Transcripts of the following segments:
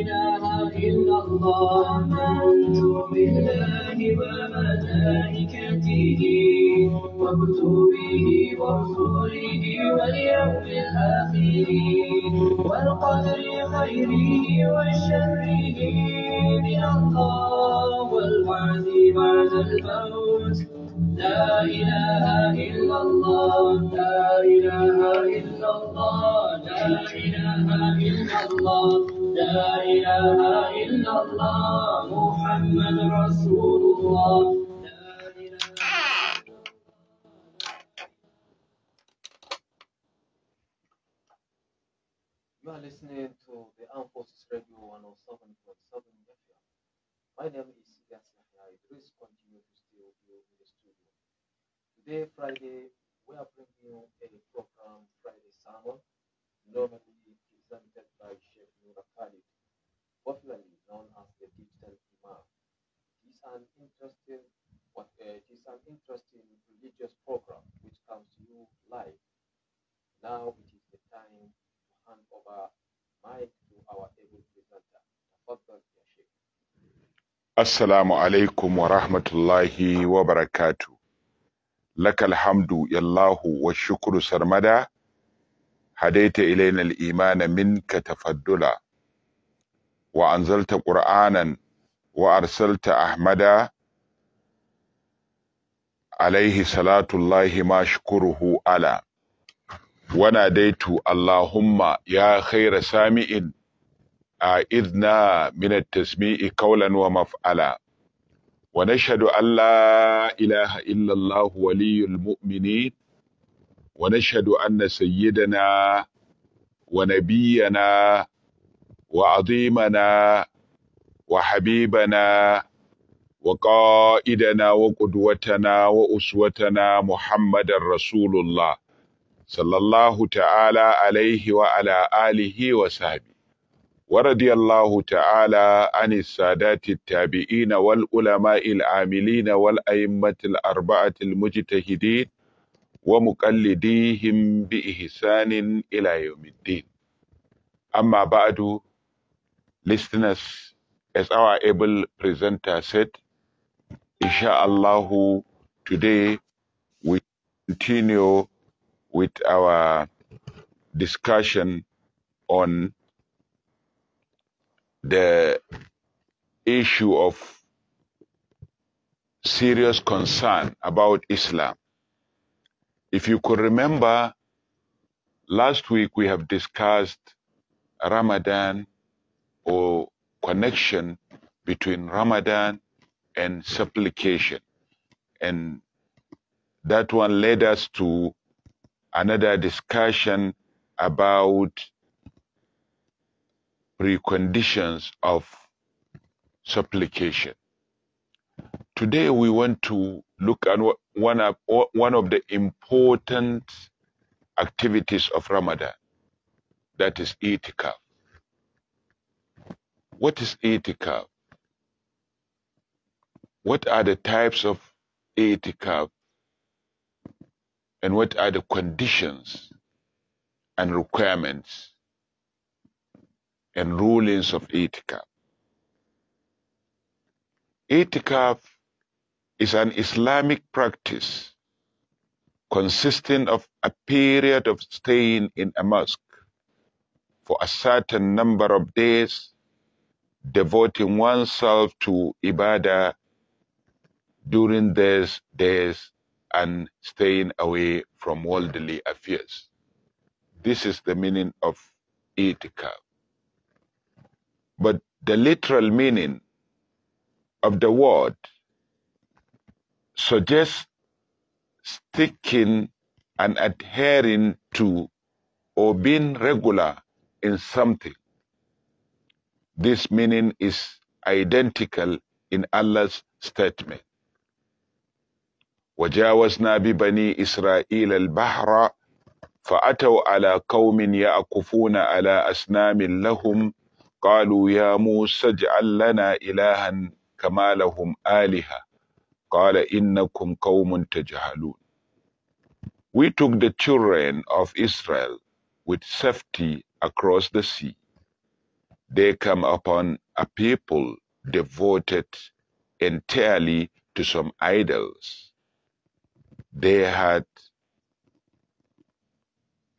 إله إلا الله آمنت بالله وملائكته وكتبه ورسله واليوم الآخر والقدر خيره وشره من الله والبعث بعد الموت لا إله إلا الله لا إله إلا الله لا إله إلا الله You are listening to the Armed Forces Radio 107.7 FM. My name is Ilyas Yahya Idris. Continue to stay with you in the studio. Today, Friday, we are bringing you a program, Friday Sermon. Normally, popularly known as the digital imam. It is an interesting, what, uh, it is an interesting religious program which comes to you live. Now it is the time to hand over mic to our able presenter. Tafaddal, ya Sheikh. Assalamu alaikum wa rahmatullahi wa barakatuh. لك الحمد يا الله والشكر سرمدا هديت إلينا الإيمان منك تفضلا Wa'anzalta anzalta wa'arsalta wa arsalta ahmada alaihi salatullahi ma ala wana daitu allahumma ya khaira sami'in a idna min tasmii qawlan wa maf'ala wa nashhadu an la ilaha illa allah waliyul mu'minin wa nashhadu anna sayyidana wa nabiyyana وعظيمنا وحبيبنا وقائدنا وقدوتنا وأسوتنا محمد رسول الله صلى الله تعالى عليه وعلى آله وصحبه ورضي الله تعالى عن السادات التابعين والعلماء العاملين والأئمة الأربعة المجتهدين ومقلديهم بإحسان إلى يوم الدين أما بعد listeners, as our able presenter said, Insha'Allah, today we continue with our discussion on the issue of serious concern about Islam. If you could remember, last week we have discussed Ramadan or connection between Ramadan and supplication. And that one led us to another discussion about preconditions of supplication. Today we want to look at one of, one of the important activities of Ramadan, that is itikaf. What is itikaf? What are the types of itikaf? And what are the conditions and requirements and rulings of itikaf? Itikaf is an Islamic practice consisting of a period of staying in a mosque for a certain number of days devoting oneself to ibadah during these days and staying away from worldly affairs. This is the meaning of itikaf. But the literal meaning of the word suggests sticking and adhering to or being regular in something. This meaning is identical in Allah's statement. وجاوزنا ببني إسرائيل البحر فأتوا على قوم يعكفون على أصنام لهم قالوا يا موسى اجعل لنا إلها كما لهم آلهة قال إنكم قوم تجهلون We took the children of Israel with safety across the sea they come upon a people devoted entirely to some idols. They had,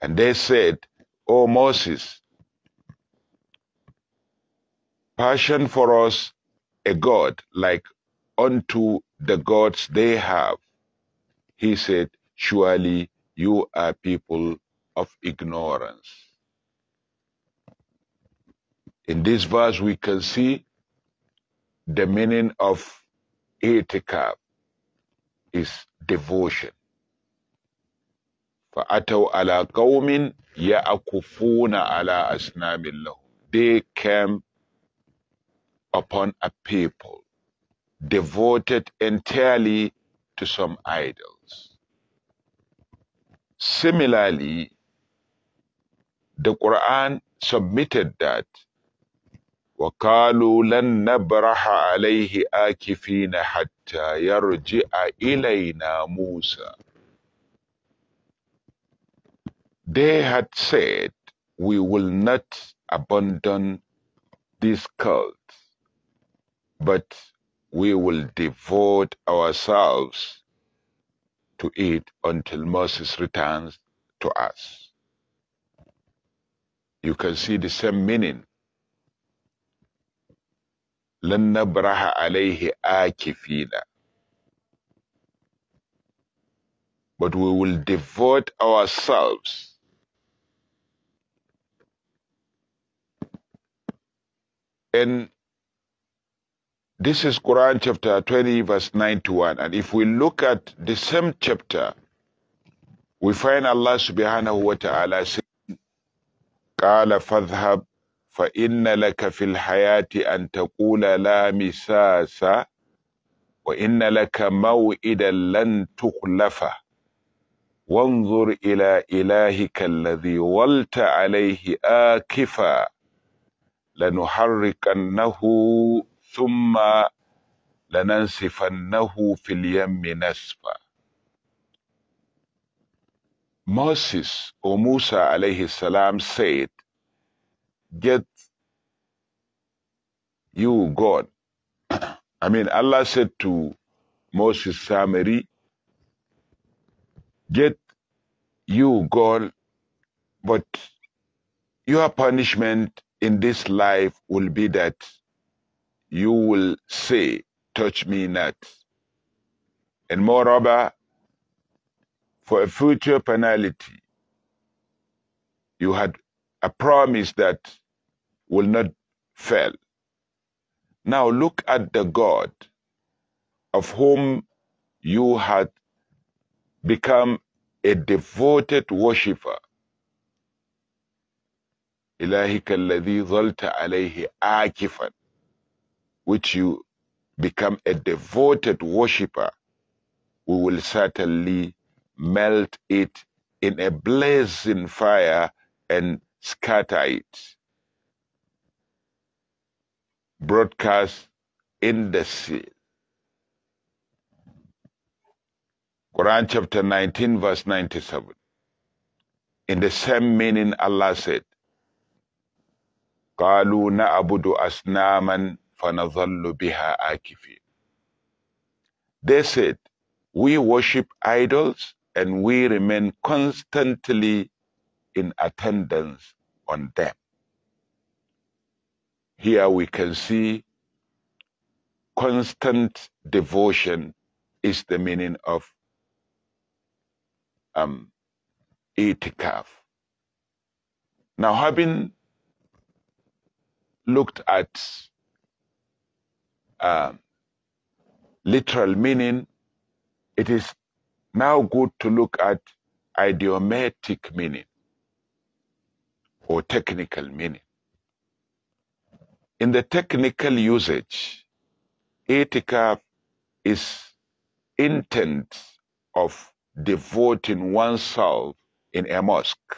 and they said, O Moses, fashion for us a God like unto the gods they have. He said, Surely you are people of ignorance. In this verse, we can see the meaning of itikaf is devotion. فَأَتَوْا عَلَىٰ قَوْمٍ يَأْكُفُونَ عَلَىٰ أَسْنَامٍ اللَّهِ. They came upon a people devoted entirely to some idols. Similarly, the Quran submitted that وقالوا لن نبرح عليه آكفين حتى يرجع إلينا موسى They had said, we will not abandon this cult, but we will devote ourselves to it until Moses returns to us. You can see the same meaning لن نبرح عليه but we will devote ourselves and this is Quran chapter 20 verse 9 to 1 and if we look at the same chapter we find Allah subhanahu wa ta'ala saying, قال فاذهب فإن لك في الحياة أن تقول لا مساس وإن لك موئدا لن تخلف وانظر إلى إلهك الذي ولت عليه آكفا لنحركنه ثم لننسفنه في اليم نسفا Moses or Musa alayhi salam said, Get you, God. I mean, Allah said to Moses Samari, Get you, God, but your punishment in this life will be that you will say, Touch me not. And moreover, for a future penalty, you had a promise that will not fail. Now look at the God of whom you had become a devoted worshipper. إلهك الذي ظلت عليه which you become a devoted worshipper we will certainly melt it in a blazing fire and scatter it broadcast industry. Quran chapter 19, verse 97. In the same meaning, Allah said, قالوا نعبد أصناما فنظل بها They said, we worship idols and we remain constantly in attendance on them. Here we can see constant devotion is the meaning of um, itikaf. Now, having looked at uh, literal meaning, it is now good to look at idiomatic meaning or technical meaning. In the technical usage, etika is intent of devoting oneself in a mosque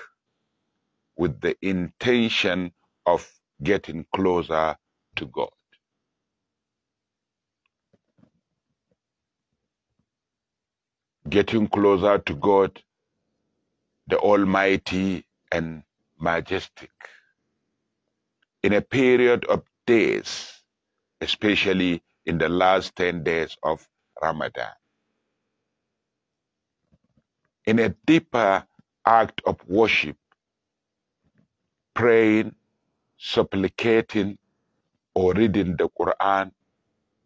with the intention of getting closer to God. Getting closer to God, the Almighty and Majestic, in a period of days, especially in the last 10 days of Ramadan. In a deeper act of worship, praying, supplicating, or reading the Quran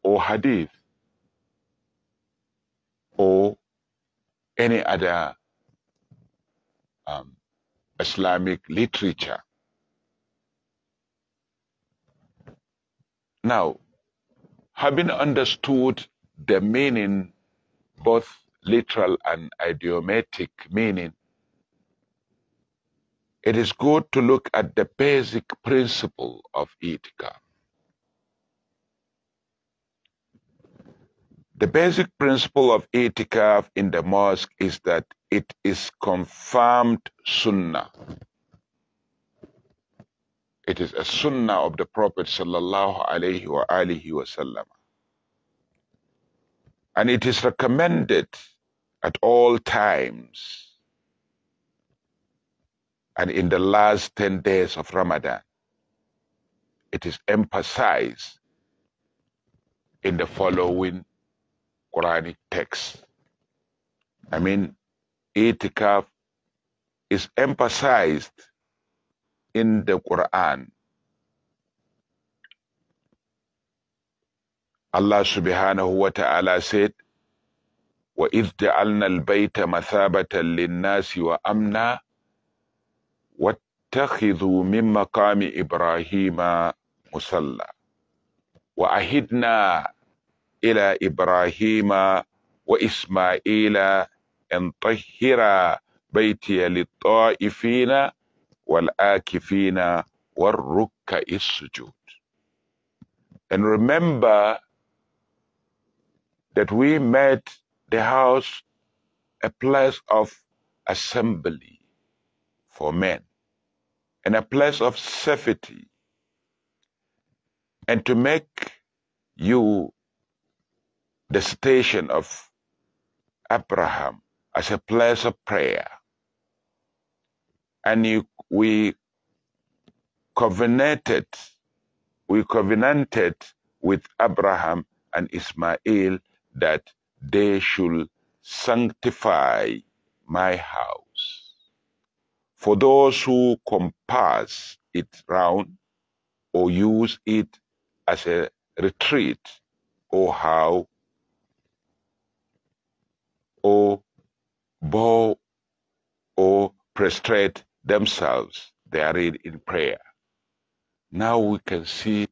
or Hadith or any other um, Islamic literature. Now, having understood the meaning, both literal and idiomatic meaning, it is good to look at the basic principle of itikaf. The basic principle of itikaf in the mosque is that it is confirmed sunnah. It is a sunnah of the Prophet sallallahu alayhi wa alihi wasallam. And it is recommended at all times and in the last 10 days of Ramadan. It is emphasized in the following Quranic text. I mean, itikaf is emphasized in the Quran. Allah subhanahu wa ta'ala said, وَإِذْ جَعَلْنَا الْبَيْتَ مَثَابَةً لِلنَّاسِ وَأَمْنًا وَاتَّخِذُوا مِنْ مَقَامِ إِبْرَاهِيمَ مُصَلَّى وَأَهِدْنَا إِلَى إِبْرَاهِيمَ وَإِسْمَاعِيلَ أَنْ طَهِّرَا بَيْتِيَ لِلطَّائِفِينَ والآكفين والركع السجود. And remember that we made the house a place of assembly for men and a place of safety and to make you the station of Abraham as a place of prayer. And you we covenanted, we covenanted with Abraham and Ismail that they should sanctify my house. For those who compass it round or use it as a retreat or how or bow or prostrate themselves they read in prayer. Now we can see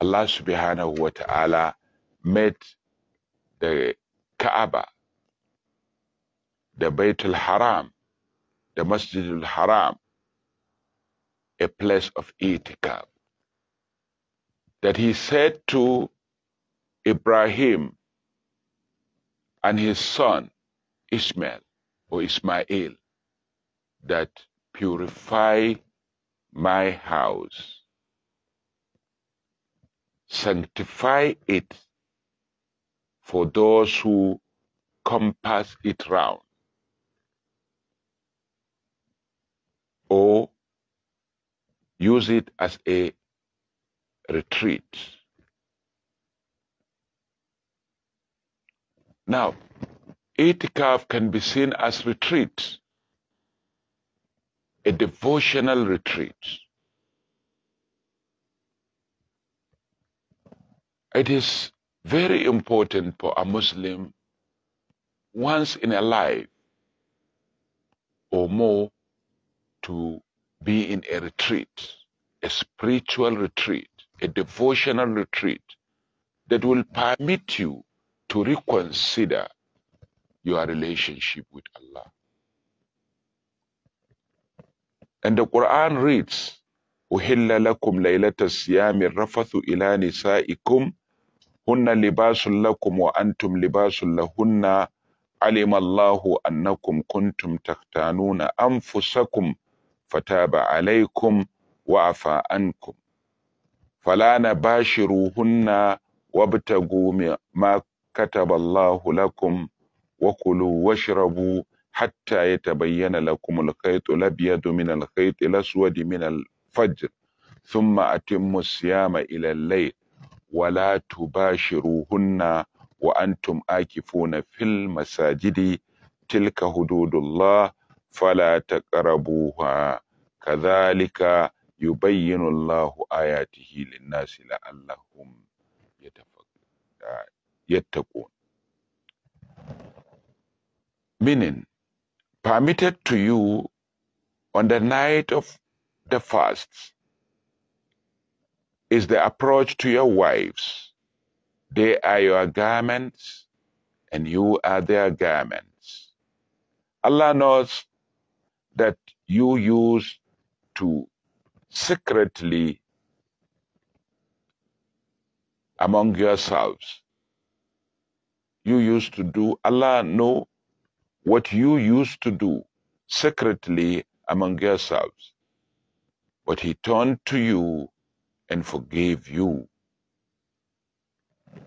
Allah subhanahu wa ta'ala made the Kaaba, the Baytul Haram, the Masjidul Haram, a place of itikaf. That he said to Ibrahim and his son Ishmael or Ismail, that purify my house. Sanctify it for those who compass it round. Or use it as a retreat. Now, itikaf can be seen as retreat a devotional retreat. It is very important for a Muslim once in a life or more to be in a retreat, a spiritual retreat, a devotional retreat that will permit you to reconsider your relationship with Allah. And the Quran reads, "Uhilla lakum laylata siyamir rafathu ila nisaikum hunna libasun lakum wa antum libasun lahunna alima Allahu annakum kuntum taqtanuna anfusakum fataba alaykum wa afa ankum falana bashiruhunna wabtagu ma kataba Allahu lakum wa kulu washrabu hatta ya tabayyana lakum al-khayt al-abyad min al-khayt al-aswad min al-fajr thumma atimmu as-siyama ila al-layl wa la tubashiruhunna wa antum akifuna fil masajidi tilka hududullah fala taqrabuha kadhalika yubayyinu Allahu ayatihi lin-nasi la'allahum yattaqun binin permitted to you on the night of the fasts is the approach to your wives. They are your garments, and you are their garments. Allah knows that you used to secretly among yourselves. You used to do, Allah know what you used to do secretly among yourselves. But he turned to you and forgave you.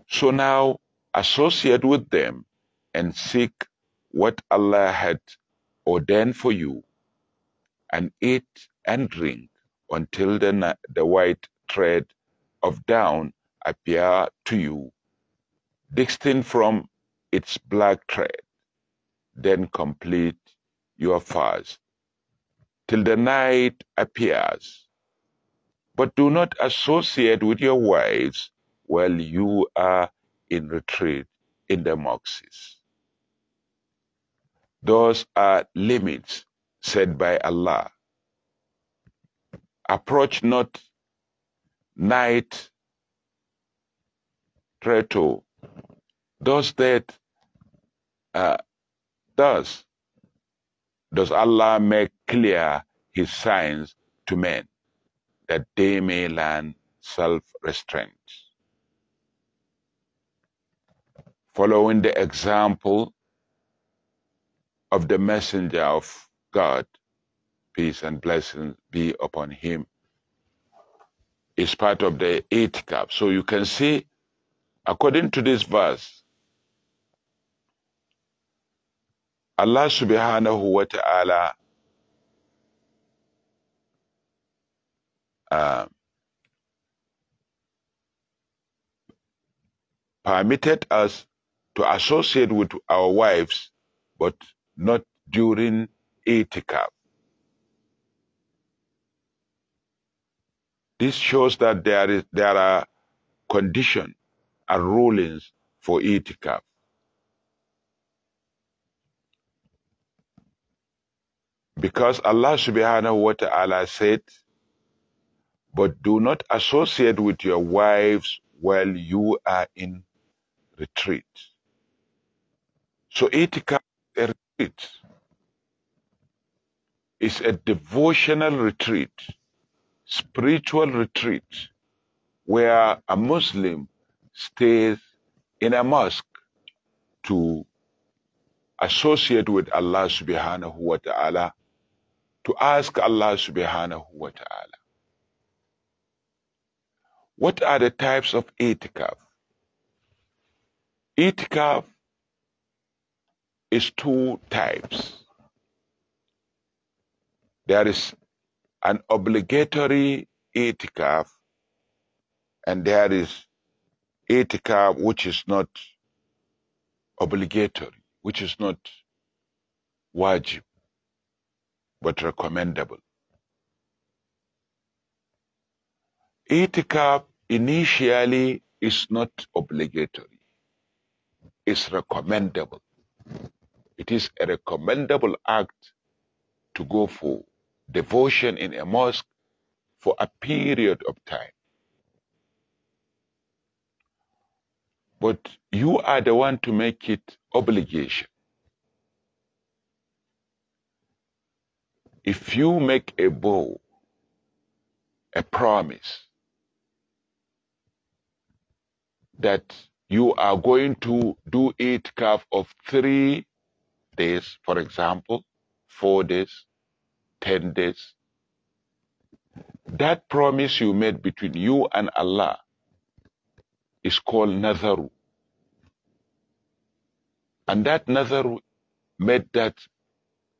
So now associate with them and seek what Allah had ordained for you, and eat and drink until the, the white thread of down appear to you, distinct from its black thread then complete your fast till the night appears. But do not associate with your wives while you are in retreat in the moxes. Those are limits set by Allah. Approach not night treto, those that uh, Thus, does Allah make clear His signs to men that they may learn self restraint. Following the example of the Messenger of God, peace and blessings be upon him, is part of the eight cup. So you can see, according to this verse, Allah subhanahu wa ta'ala uh, permitted us to associate with our wives, but not during itikaf. This shows that there, is, there are conditions and rulings for itikaf. Because Allah subhanahu wa ta'ala said, But do not associate with your wives while you are in retreat. So itikaf a retreat. It's a devotional retreat, spiritual retreat, where a Muslim stays in a mosque to associate with Allah subhanahu wa ta'ala to ask Allah subhanahu wa ta'ala. What are the types of itikaf? Itikaf is two types. There is an obligatory itikaf and there is itikaf which is not obligatory, which is not wajib but recommendable. Itikaf initially is not obligatory. It's recommendable. It is a recommendable act to go for devotion in a mosque for a period of time. But you are the one to make it obligation. If you make a vow, a promise that you are going to do it calf of three days, for example, four days, ten days. That promise you made between you and Allah is called Nazaru. And that Nazaru made that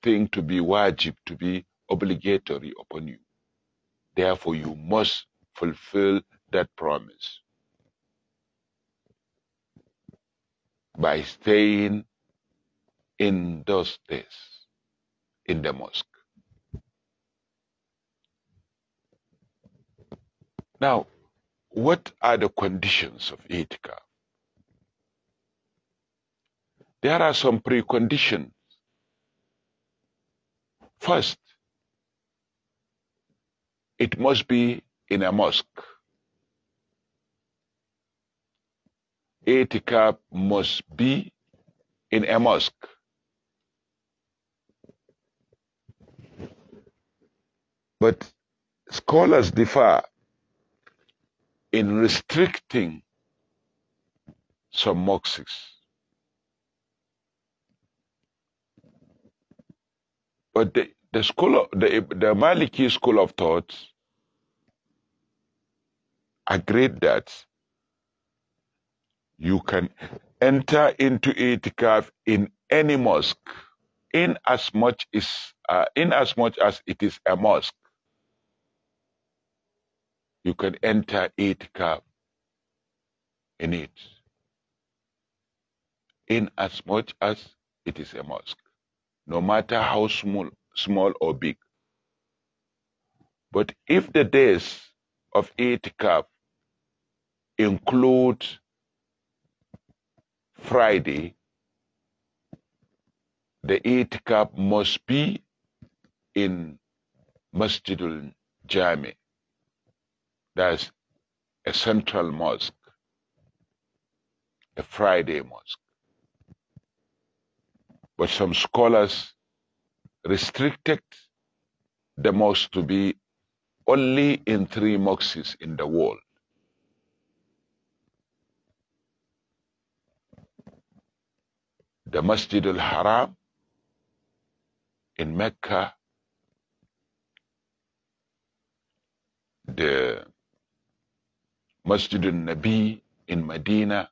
thing to be wajib, to be obligatory upon you. Therefore, you must fulfill that promise by staying in those days in the mosque. Now, what are the conditions of itikaf? There are some preconditions First, it must be in a mosque. Itikaf must be in a mosque. But scholars differ in restricting some mosques. But the, the school of, the, the Maliki school of thought agreed that you can enter into itikaf in any mosque in as much as uh, in as much as it is a mosque you can enter itikaf in it in as much as it is a mosque no matter how small, small or big. But if the days of itikaf include Friday, the itikaf must be in Masjidul Jami. That's a central mosque, a Friday mosque but some scholars restricted the mosque to be only in three mosques in the world. The Masjid al-Haram in Mecca, the Masjid al-Nabi in Medina,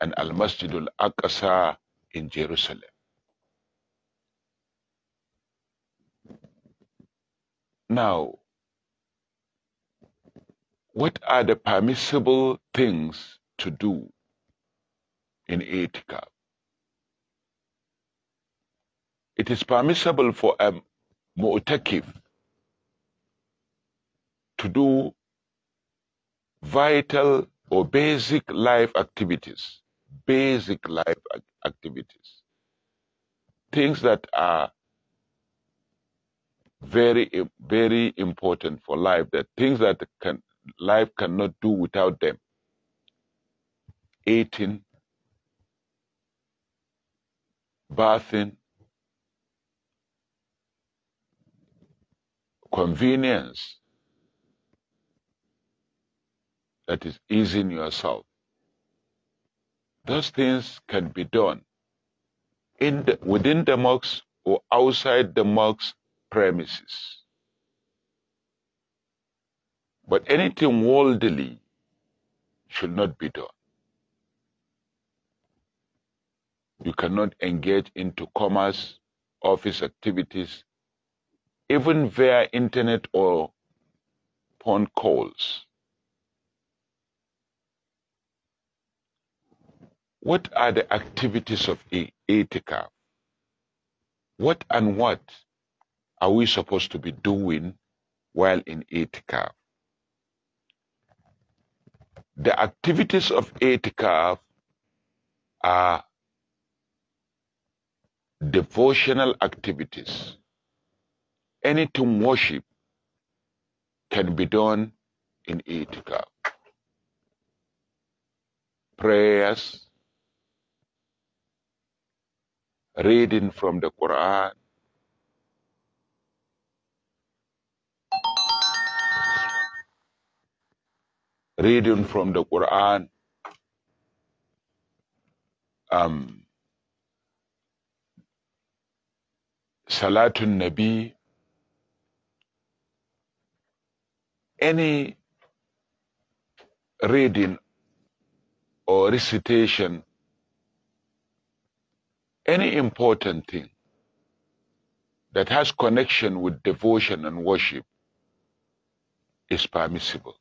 and al-Masjid al-Aqsa in Jerusalem. Now, what are the permissible things to do in itikaf? It is permissible for a mu'takif to do vital or basic life activities basic life activities, things that are very, very important for life, that things that can, life cannot do without them. Eating, bathing, convenience that is easing yourself. Those things can be done in the, within the mosque or outside the mosque premises. But anything worldly should not be done. You cannot engage into commerce, office activities, even via internet or phone calls. What are the activities of itikaf? What and what are we supposed to be doing while in itikaf? The activities of itikaf are devotional activities. Anything worship can be done in itikaf. Prayers, reading from the Quran. Reading from the Quran. Um, Salatun Nabi. Any reading or recitation any important thing that has connection with devotion and worship is permissible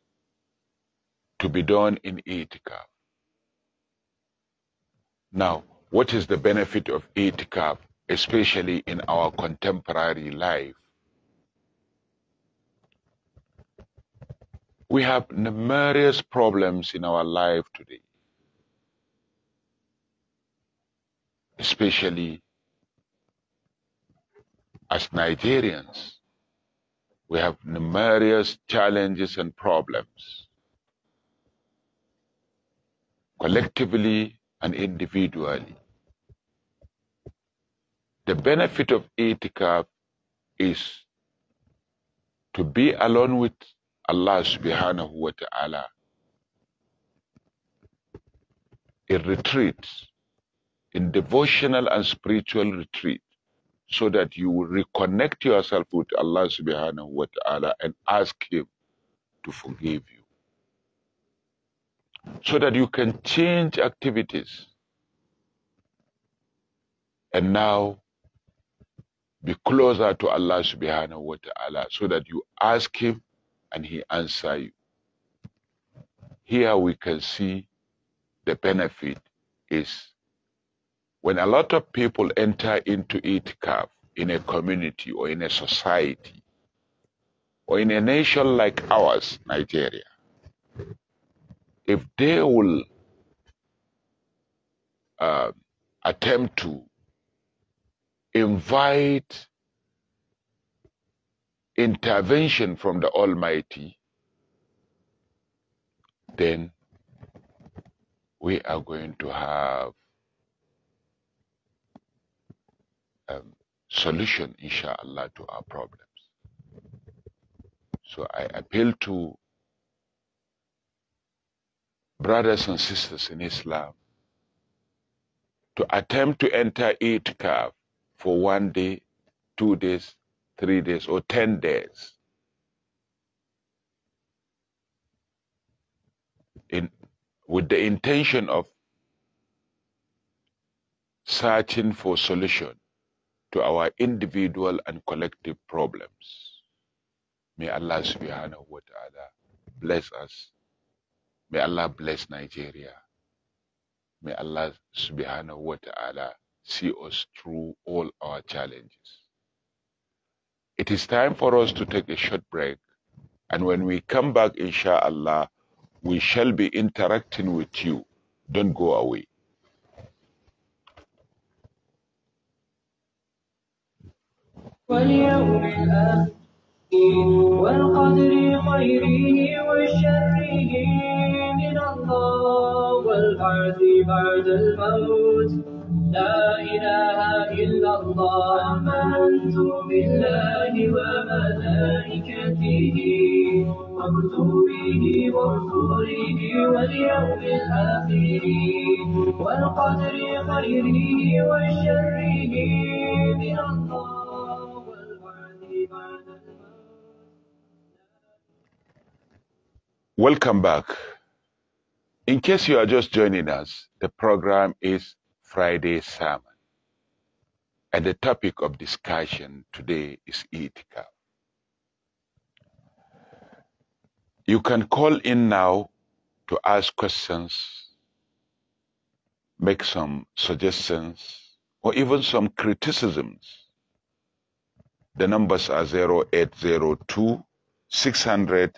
to be done in itikaf. Now, what is the benefit of itikaf, especially in our contemporary life? We have numerous problems in our life today. especially as Nigerians, we have numerous challenges and problems. Collectively and individually. The benefit of itikaf is to be alone with Allah subhanahu wa ta'ala It retreats in devotional and spiritual retreat so that you will reconnect yourself with Allah subhanahu wa ta'ala and ask Him to forgive you. So that you can change activities and now be closer to Allah subhanahu wa ta'ala so that you ask Him and He answer you. Here we can see the benefit is when a lot of people enter into itikaf in a community or in a society or in a nation like ours, Nigeria, if they will uh, attempt to invite intervention from the Almighty, then we are going to have um, solution, inshallah, to our problems. So I appeal to brothers and sisters in Islam to attempt to enter itikaf for one day, two days, three days, or ten days. In, with the intention of searching for solution to our individual and collective problems. May Allah subhanahu wa ta'ala bless us. May Allah bless Nigeria. May Allah subhanahu wa ta'ala see us through all our challenges. It is time for us to take a short break. And when we come back, inshallah, we shall be interacting with you. Don't go away. واليوم الآخر والقدر خيره وشره من الله والبعث بعد الموت لا إله إلا الله آمنت بالله وملائكته وكتبه ورسله واليوم الآخر والقدر خيره وشره من الله Welcome back. In case you are just joining us, the program is Friday Sermon. And the topic of discussion today is ethical. You can call in now to ask questions, make some suggestions, or even some criticisms. The numbers are 0802 600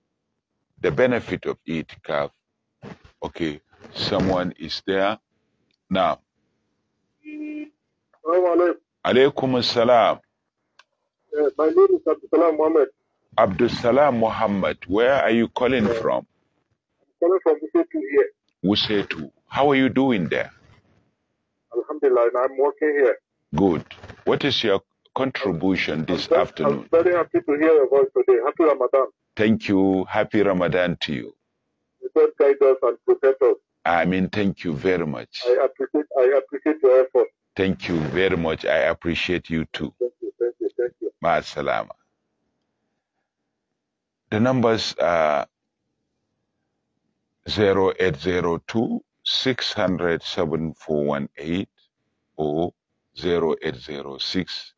the benefit of itikaf. Okay, someone is there. Now. Alaykum salam. Uh, my name is Abdusalam Muhammad. Abdusalam Muhammad, where are you calling uh, from? I'm calling from Wusetu here. Wusetu. How are you doing there? Alhamdulillah, I'm working here. Good. What is your contribution this I'm, afternoon? I'm very happy to hear your voice today. Happy Ramadan. Thank you. Happy Ramadan to you. God guide us and protect us. I mean, thank you very much. I appreciate, I appreciate your effort. Thank you very much. I appreciate you too. Thank you, thank you, thank you. Ma'asalama. The numbers are 0802 or 0806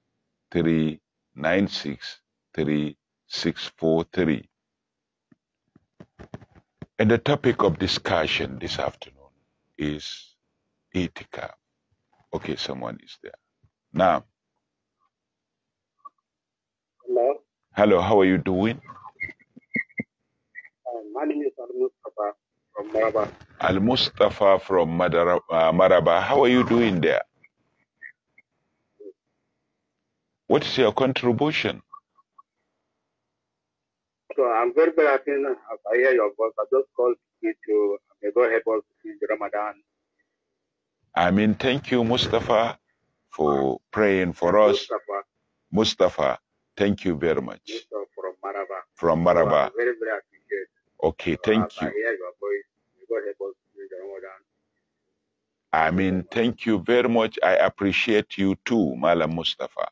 396 643. And the topic of discussion this afternoon is itikaf. Okay, someone is there. Now. Hello. Hello, how are you doing? Uh, my name is Al Mustafa from Maraba. Al Mustafa from Madara, uh, Maraba. How are you doing there? What is your contribution? So I'm very, very happy I hear your voice. I just called you to may God help us in Ramadan. I mean, thank you, Mustafa, for praying for us. Mustafa. Mustafa, thank you very much. Mustafa from Maraba. From Maraba. So very, very Okay, thank you. I hear your voice. May God help us in Ramadan. I mean, thank you very much. I appreciate you too, Malam Mustafa.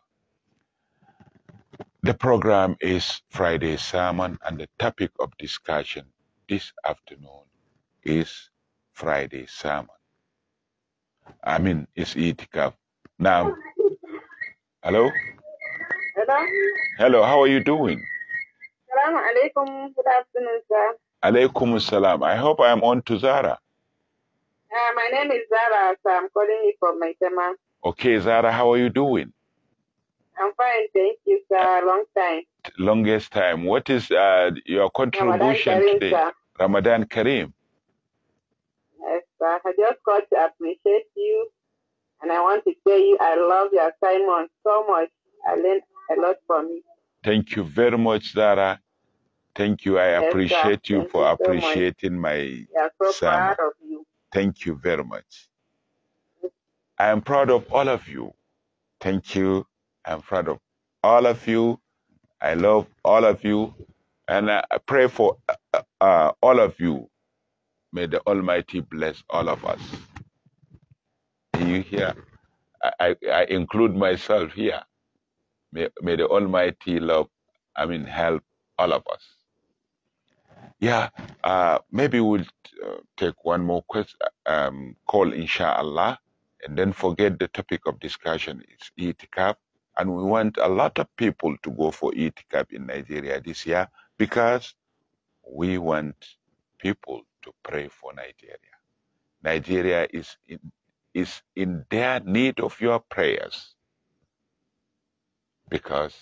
The program is Friday Sermon, and the topic of discussion this afternoon is Friday Sermon. I mean, it's Itikaf. Now, hello? Hello? Hello, how are you doing? Salam alaikum. Good afternoon, sir. Alaikum salam. I hope I am on to Zara. Uh, my name is Zara, so I'm calling you from my tema. Okay, Zara, how are you doing? I'm fine, thank you, sir. Long time. Longest time. What is uh, your contribution Ramadan today? Ramadan Kareem. Yes, sir. I just got to appreciate you, and I want to tell you I love your assignment so much. I learned a lot from you. Thank you very much, Zara. Thank you. I yes, appreciate you for you appreciating so my yeah, so of You. Thank you very much. I am proud of all of you. Thank you. I'm proud of all of you. I love all of you. And I pray for uh, uh, all of you. May the Almighty bless all of us. You hear? I, I include myself here. May, may the Almighty love, I mean, help all of us. Yeah, uh, maybe we'll uh, take one more quest um, call, inshallah, and then forget the topic of discussion. It's itikaf and we want a lot of people to go for itikaf in Nigeria this year because we want people to pray for Nigeria. Nigeria is in, is in their need of your prayers because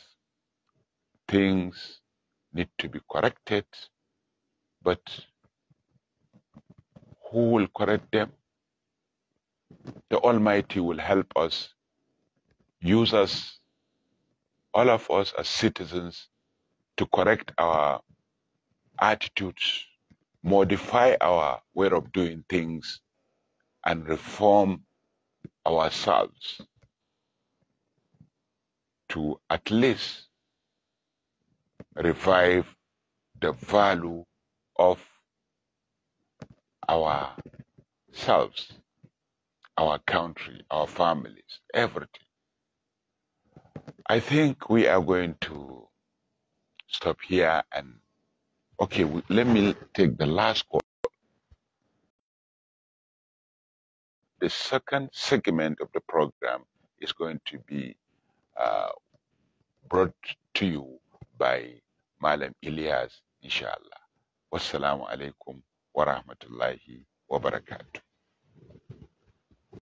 things need to be corrected, but who will correct them? The Almighty will help us, use us all of us as citizens to correct our attitudes, modify our way of doing things, and reform ourselves to at least revive the value of ourselves, our country, our families, everything. I think we are going to stop here and okay, we, let me take the last call. The second segment of the program is going to be uh, brought to you by Malam Ilyas, inshallah. Wassalamu alaikum wa rahmatullahi wa barakatuh.